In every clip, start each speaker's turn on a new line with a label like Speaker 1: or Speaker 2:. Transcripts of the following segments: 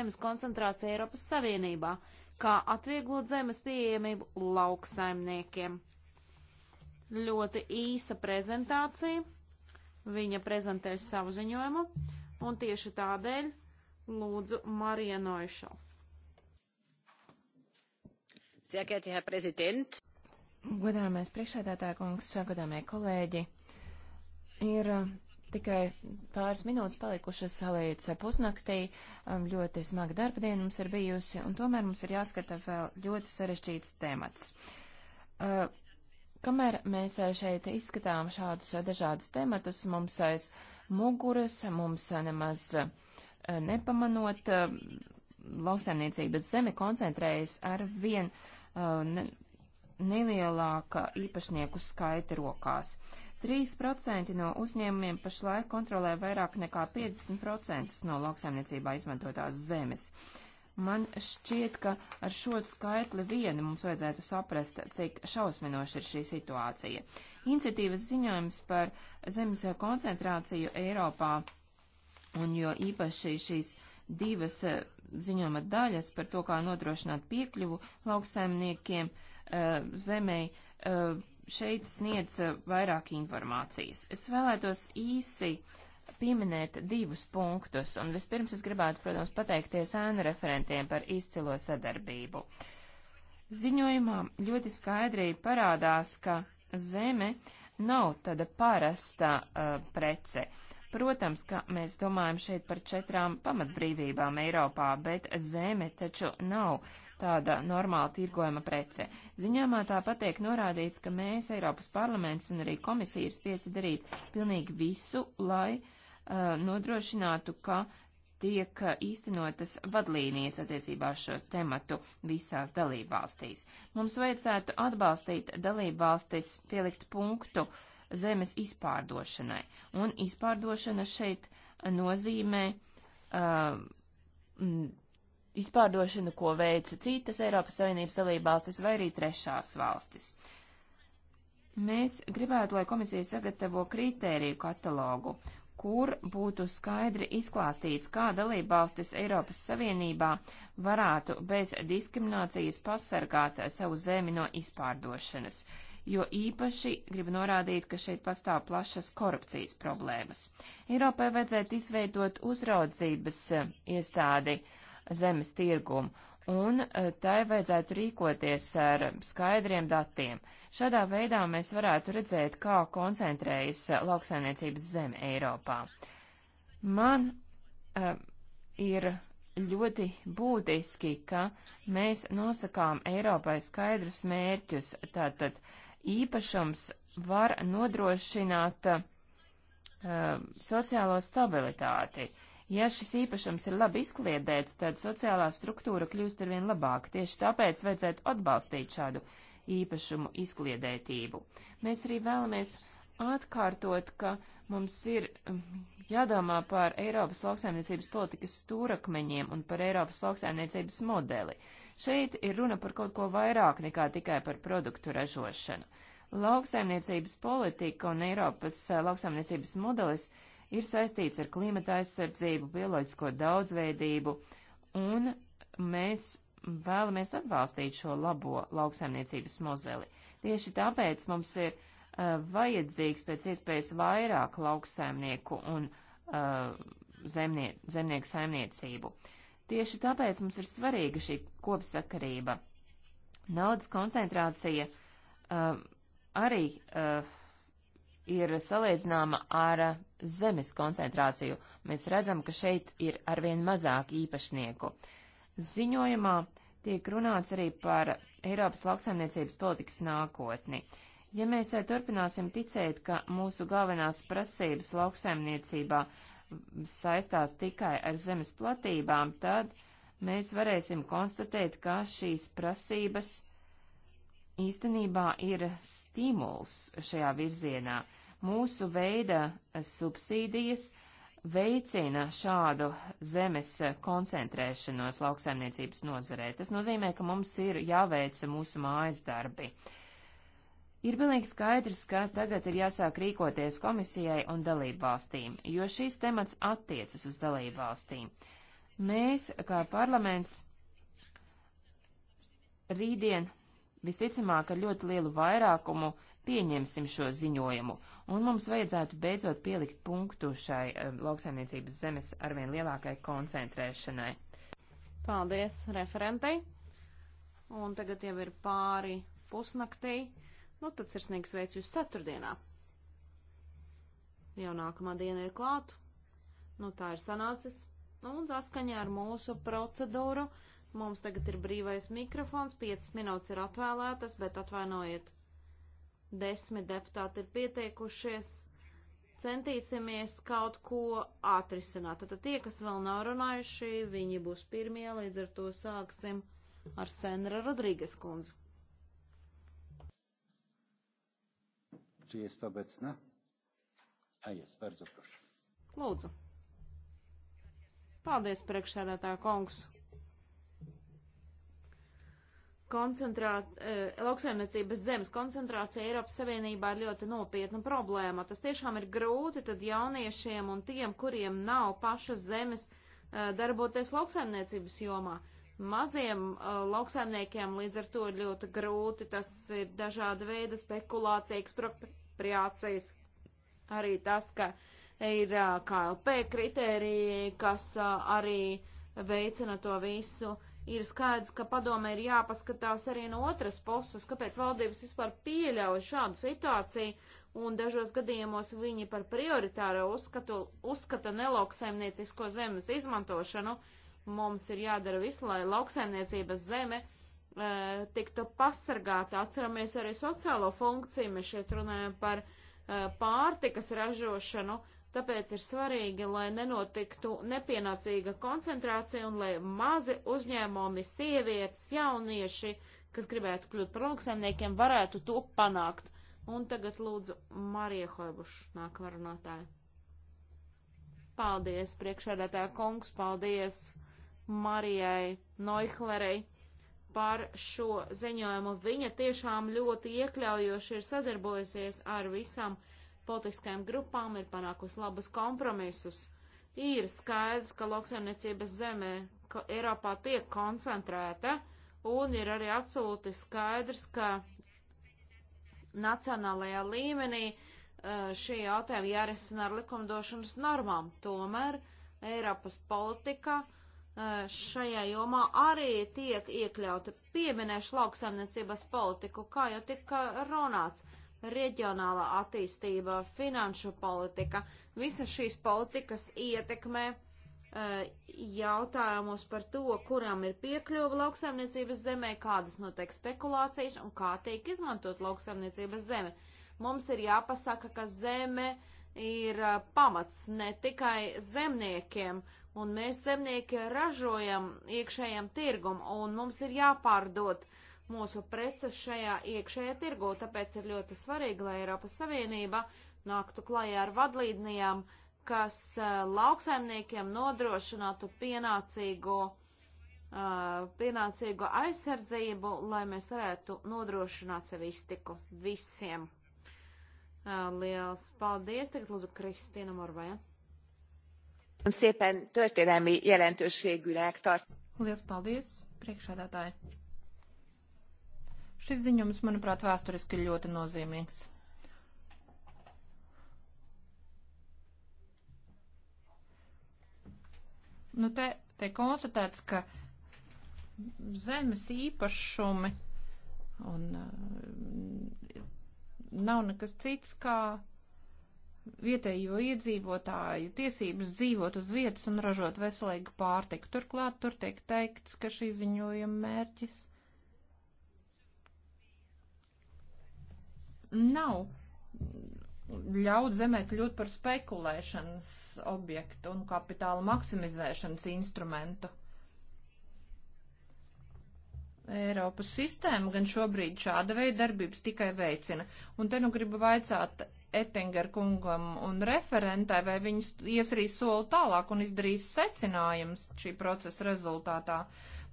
Speaker 1: zemes koncentrācija Eiropas Savienībā, kā atvieglot zemes pieejamību lauksaimniekiem. Ļoti īsa prezentācija. Viņa prezentēs savu ziņojumu, un tieši tādēļ lūdzu Marija Noišo. Sehr geehrter Herr Präsident!
Speaker 2: Godāmais priekšsēdētāja kungs, godāmie kolēģi, ir Tikai pāris minūtes palikušas līdz pusnaktī, um, ļoti smaga darba diena mums ir bijusi, un tomēr mums ir jāskata vēl ļoti sarežģīts temats. Uh, kamēr mēs uh, šeit izskatām šādus uh, dažādus tematus, mums uh, aiz muguras, mums nemaz nepamanot, lauksaimniecības zeme koncentrējas ar vien uh, ne, nelielāka īpašnieku skaita rokās. Uh, 3% no uzņēmumiem pašlaik kontrolē vairāk nekā 50% no lauksaimniecībā izmantotās zemes. Man šķiet, ka ar šo skaitli vienu mums vajadzētu saprast, cik šausminoši ir šī situācija. Iniciatīvas ziņojums par zemes koncentrāciju Eiropā un jo īpaši šīs divas eh, ziņojuma daļas par to, kā nodrošināt piekļuvu lauksaimniekiem eh, zemei eh, šeit sniedz eh, vairāk informācijas. Es vēlētos īsi pieminēt divus punktus, un vispirms es gribētu, protams, pateikties ēnu referentiem par izcilo sadarbību. Ziņojumā ļoti skaidri parādās, ka zeme nav tāda parasta uh, prece. Protams, ka mēs domājam šeit par četrām pamatbrīvībām Eiropā, bet zeme taču nav tāda normāla tirgojama prece. Ziņojumā tāpat tiek norādīts, ka mēs, Eiropas parlaments un arī komisija, ir spiesti darīt pilnīgi visu, lai uh, nodrošinātu, ka tiek īstenotas vadlīnijas attiecībā uz šo tematu visās dalībvalstīs. Mums vajadzētu atbalstīt dalībvalstis pielikt punktu zemes izpārdošanai, un izpārdošana šeit nozīmē uh, izpārdošanu, ko veica citas Eiropas Savienības dalībvalstis vai arī trešās valstis. Mēs gribētu, lai komisija sagatavo kritēriju katalogu, kur būtu skaidri izklāstīts, kā dalībvalstis Eiropas Savienībā varētu bez diskriminācijas pasargāt savu zemi no izpārdošanas, jo īpaši gribu norādīt, ka šeit pastāv plašas korupcijas problēmas. Eiropai vajadzētu izveidot uzraudzības iestādi, uh, zemes tirgumu, un eh, tai vajadzētu rīkoties ar skaidriem datiem. Šādā veidā mēs varētu redzēt, kā koncentrējas eh, lauksainiecības zeme Eiropā. Man uh, ir ļoti būtiski, ka mēs nosakām Eiropai skaidrus mērķus, tātad īpašums var nodrošināt uh, sociālo stabilitāti. Ja šis īpašums ir labi izkliedēts, tad sociālā struktūra kļūst arvien labāka. Tieši tāpēc vajadzētu atbalstīt šādu īpašumu izkliedētību. Mēs arī vēlamies atkārtot, ka mums ir um, jādomā par Eiropas lauksaimniecības politikas stūrakmeņiem un par Eiropas lauksaimniecības modeli. Šeit ir runa par kaut ko vairāk nekā tikai par produktu ražošanu. Lauksaimniecības politika un Eiropas uh, lauksaimniecības modelis uh, ir saistīts ar klimata aizsardzību, bioloģisko daudzveidību, un mēs vēlamies atbalstīt šo labo lauksaimniecības mozeli. Tieši tāpēc mums ir uh, vajadzīgs pēc iespējas vairāk lauksaimnieku un uh, zemnie, zemnieku saimniecību. Tieši tāpēc mums ir svarīga šī kopsakarība. Naudas koncentrācija uh, arī uh, ir salīdzināma ar zemes koncentrāciju. Mēs redzam, ka šeit ir arvien mazāk īpašnieku. Ziņojumā tiek runāts arī par Eiropas lauksaimniecības politikas nākotni. Ja mēs eh, turpināsim ticēt, ka mūsu galvenās prasības lauksaimniecībā saistās tikai ar zemes platībām, tad mēs varēsim konstatēt, ka šīs prasības īstenībā ir stimuls šajā virzienā mūsu veida subsīdijas veicina šādu zemes koncentrēšanos lauksaimniecības nozarē. Tas nozīmē, ka mums ir jāveica mūsu mājas darbi. Ir pilnīgi skaidrs, ka tagad ir jāsāk rīkoties komisijai un dalībvalstīm, jo šīs temats attiecas uz dalībvalstīm. Mēs, kā parlaments, rītdien visticamāk ar ļoti lielu vairākumu uh, pieņemsim šo ziņojumu, un mums vajadzētu beidzot pielikt punktu šai um, lauksaimniecības zemes arvien lielākai koncentrēšanai.
Speaker 1: Paldies referentei, un tagad jau ir pāri pusnaktī, nu tad sirsnīgs veids jūs ceturtdienā. Jau nākamā diena ir klāt, nu tā ir sanācis, nu, un saskaņā ar mūsu procedūru. Mums tagad ir brīvais mikrofons, 5 minūtes ir atvēlētas, bet atvainojiet Desmit deputāti ir pieteikušies. Centīsimies kaut ko atrisināt. Tad tie, kas vēl nav runājuši, viņi būs pirmie, līdz ar to sāksim ar Senra Rodrīgas kundzi. Czy jest obecna? A jest, bardzo proszę. Lūdzu. Paldies, priekšsēdētā kungs koncentrāt, e, lauksaimniecības zemes koncentrācija Eiropas Savienībā ir ļoti nopietna problēma. Tas tiešām ir grūti tad jauniešiem un tiem, kuriem nav pašas zemes, e, darboties lauksaimniecības jomā. Maziem e, lauksaimniekiem līdz ar to ir ļoti grūti, tas ir dažāda veida spekulācija, ekspropriācijas, arī tas, ka ir e, KLP kritērija, kas e, arī veicina to visu. Uh, ir skaidrs, ka padome ir jāpaskatās arī no otras puses, kāpēc valdības vispār pieļauj šādu situāciju, un dažos gadījumos viņi par prioritāro uzskatu, uzskata nelauksaimniecisko zemes izmantošanu. Mums ir jādara visu, lai lauksaimniecības zeme e, tiktu pasargāta. Atceramies arī sociālo funkciju, mēs šeit runājam par e, pārtikas ražošanu, Tāpēc ir svarīgi, lai nenotiktu nepienācīga koncentrācija un lai mazi uzņēmumi, sievietes, jaunieši, kas gribētu kļūt par lauksaimniekiem, varētu to panākt. Un tagad lūdzu Marija Hoibuša nākamā runātāja. Paldies, priekšādātāja kungs, paldies Marijai Noihlerei par šo ziņojumu. Viņa tiešām ļoti iekļaujoši ir sadarbojusies ar visām uh, politiskajām grupām ir panākusi labus kompromisus. Ir skaidrs, ka lauksaimniecības zemē ka Eiropā tiek koncentrēta, un ir arī absolūti skaidrs, ka nacionālajā līmenī šie jautājumi jārisina ar likumdošanas normām. Tomēr Eiropas politika šajā jomā arī tiek iekļauta. Pieminēšu lauksaimniecības politiku, kā jau tika runāts reģionālā attīstība, finanšu politika, visas šīs politikas ietekmē uh, jautājumus par to, kuram ir piekļuva lauksaimniecības zemē, kādas notiek spekulācijas un kā tiek izmantot lauksaimniecības zeme. Mums ir jāpasaka, ka zeme ir uh, pamats ne tikai zemniekiem, un mēs zemnieki ražojam iekšējam tirgum, un mums ir jāpārdot uh, mūsu preces šajā iekšējā tirgū, tāpēc ir ļoti svarīgi, lai Eiropas Savienība nāktu klajā ar vadlīdnijām, kas uh, lauksaimniekiem nodrošinātu pienācīgu, uh, pienācīgu aizsardzību, lai mēs varētu nodrošināt sev iztiku visiem. Uh, liels paldies! Tagad lūdzu Kristīna Morvaja. Szépen történelmi jelentőségűnek tart.
Speaker 3: Liels paldies, priekšādātāji! Šis ziņums, manuprāt, vēsturiski ir ļoti nozīmīgs. Nu, te, te konstatēts, ka zemes īpašumi un eh, nav nekas cits kā vietējo iedzīvotāju tiesības dzīvot uz vietas un ražot veselīgu pārtiku. Turklāt tur tiek teikts, ka šī ziņojuma mērķis nav ļaut zemē kļūt par spekulēšanas objektu un kapitāla maksimizēšanas instrumentu. Eiropas sistēma gan šobrīd šāda veida darbības tikai veicina. Un te nu gribu vaicāt Ettinger kungam un referentai, vai viņas ies arī soli tālāk un izdarīs secinājums šī procesa rezultātā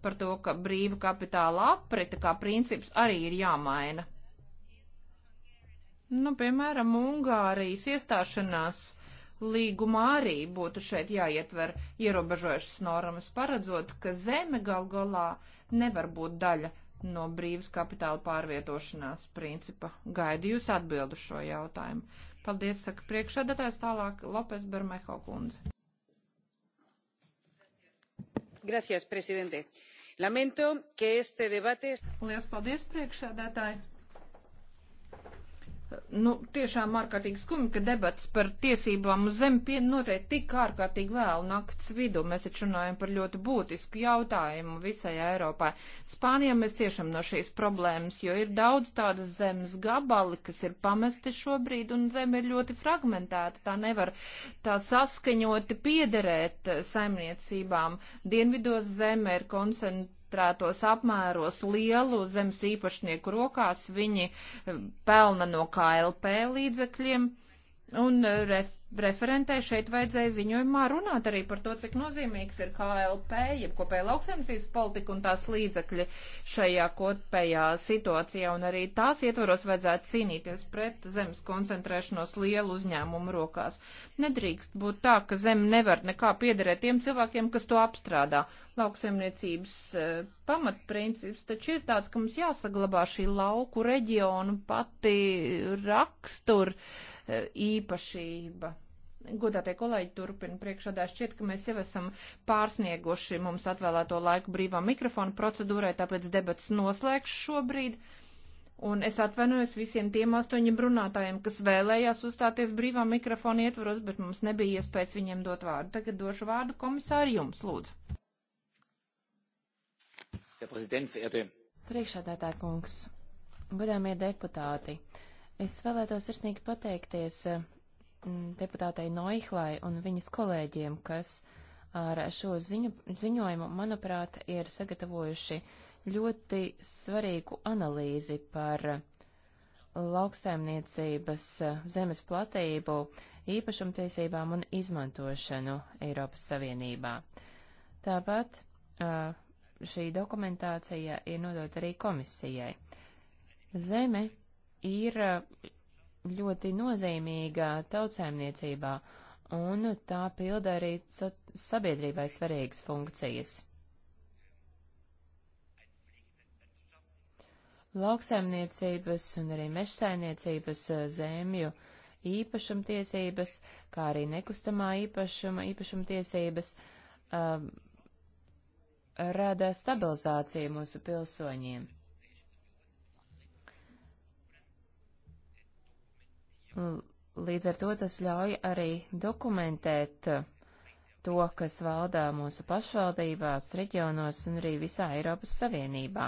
Speaker 3: par to, ka brīva kapitāla aprita kā princips arī ir jāmaina. Nu, piemēram, Ungārijas iestāšanās līgumā arī būtu šeit jāietver ierobežojušas normas, paredzot, ka zeme gal galā nevar būt daļa no brīvas kapitāla pārvietošanās principa. Gaidu jūs atbildu šo jautājumu. Paldies, saka priekšsēdētājs tālāk Lopes Bermeho kundze. Gracias, presidente. Lamento, ka este debate. Lielas paldies, priekšsēdētāji nu, tiešām ārkārtīgi skumji, ka debats par tiesībām uz zemi piena notiek tik ārkārtīgi vēl nakts vidu. Mēs taču runājam par ļoti būtisku jautājumu visai Eiropai. Spānijā mēs ciešam no šīs problēmas, jo ir daudz tādas zemes gabali, kas ir pamesti šobrīd, un zeme ir ļoti fragmentēta. Tā nevar tā saskaņoti piederēt saimniecībām. Dienvidos zeme ir koncentrēta koncentrētos apmēros lielu zemes īpašnieku rokās, viņi eh, pelna no KLP līdzekļiem un eh, ref referentē šeit vajadzēja ziņojumā runāt arī par to, cik nozīmīgs ir KLP, jeb kopēja lauksaimniecības politika un tās līdzekļi šajā kopējā situācijā, un arī tās ietvaros vajadzētu cīnīties pret zemes koncentrēšanos lielu uzņēmumu rokās. Nedrīkst būt tā, ka zeme nevar nekā piederēt tiem cilvēkiem, kas to apstrādā. Lauksaimniecības uh, pamatprincips taču ir tāds, ka mums jāsaglabā šī lauku reģionu pati rakstura īpašība. Godātie kolēģi, turpina priekšādā šķiet, ka mēs jau esam pārsnieguši mums atvēlēto laiku brīvā mikrofona procedūrai, tāpēc debats noslēgšu šobrīd. Un es atvainojos visiem tiem astoņiem runātājiem, kas vēlējās uzstāties brīvā mikrofona ietvaros, bet mums nebija iespējas viņiem dot vārdu. Tagad došu vārdu komisāri jums, lūdzu. Priekšādātā kungs, godāmie
Speaker 2: deputāti, Es vēlētos sirsnīgi pateikties eh, deputātei Noihlai un viņas kolēģiem, kas ar šo ziņu, ziņojumu, manuprāt, ir sagatavojuši ļoti svarīgu analīzi par lauksaimniecības eh, zemes platību, īpašumtiesībām un izmantošanu Eiropas Savienībā. Tāpat eh, šī dokumentācija ir nodota arī komisijai. Zeme ir uh, ļoti nozīmīga tautsēmniecībā, un tā pilda arī sabiedrībai svarīgas funkcijas. Lauksaimniecības un arī mežsaimniecības uh, zemju īpašumtiesības, kā arī nekustamā īpašuma īpašumtiesības um, rada stabilizāciju mūsu pilsoņiem. Līdz ar to tas ļauj arī dokumentēt uh, to, kas valdā mūsu pašvaldībās, reģionos un arī visā Eiropas Savienībā.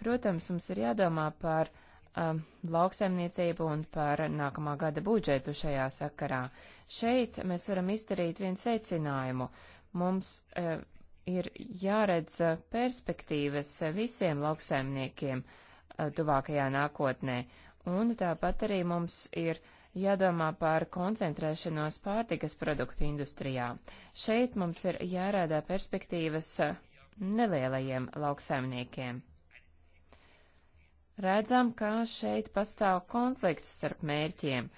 Speaker 2: Protams, mums ir jādomā par um, lauksaimniecību un par nākamā gada budžetu šajā sakarā. Šeit mēs varam izdarīt vienu secinājumu. Mums uh, ir jāredz uh, perspektīvas uh, visiem lauksaimniekiem uh, tuvākajā nākotnē. Uh, Un tāpat arī mums ir jādomā par koncentrēšanos pārtikas produktu industrijā. Šeit mums ir jārādā perspektīvas nelielajiem lauksaimniekiem. Redzam, ka šeit pastāv konflikts starp mērķiem.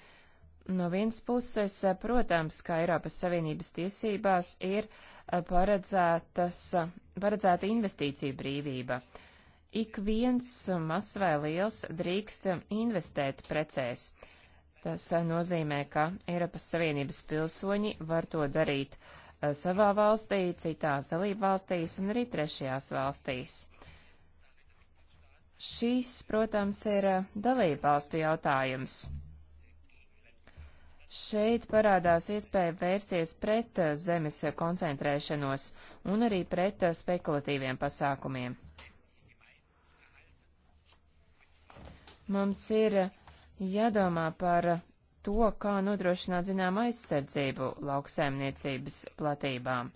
Speaker 2: No vienas puses, protams, kā Eiropas Savienības tiesībās ir paredzētas, paredzēta investīcija brīvība. Uh, Ik viens mazs vai liels drīkst investēt precēs. Tas eh, nozīmē, ka Eiropas Savienības pilsoņi var to darīt eh, savā valstī, citās dalību valstīs un arī trešajās valstīs. Šis, protams, ir eh, dalību valstu jautājums. Šeit parādās iespēja vērsties pret zemes koncentrēšanos un arī pret spekulatīviem pasākumiem. Mums ir jādomā par to, kā nodrošināt zinām aizsardzību lauksaimniecības platībām.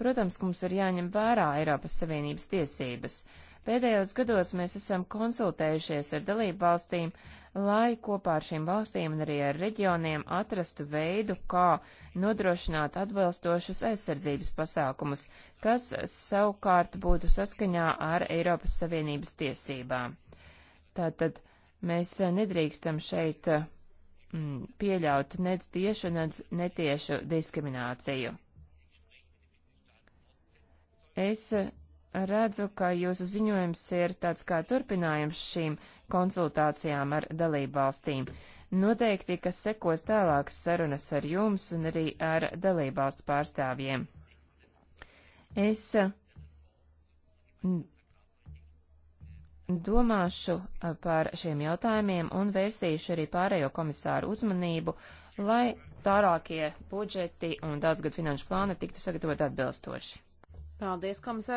Speaker 2: Protams, mums ir jāņem vērā Eiropas Savienības tiesības. Pēdējos gados mēs esam konsultējušies ar dalību valstīm, lai kopā ar šīm valstīm un arī ar reģioniem atrastu veidu, kā nodrošināt atbilstošus aizsardzības pasākumus, kas savukārt būtu saskaņā ar Eiropas Savienības tiesībām. Tātad Mēs eh, nedrīkstam šeit mm, pieļaut nec tiešu, nec netiešu diskrimināciju. Es eh, redzu, ka jūsu ziņojums ir tāds kā turpinājums šīm konsultācijām ar dalību valstīm. Noteikti, ka sekos tālākas sarunas ar jums un arī ar dalību valstu pārstāvjiem. Es Domāšu eh, par šiem jautājumiem un vērsīšu arī pārējo komisāru uzmanību, lai tālākie budžeti un daudzgad finanšu plāni tiktu sagatavot atbilstoši.
Speaker 1: Paldies, komisār!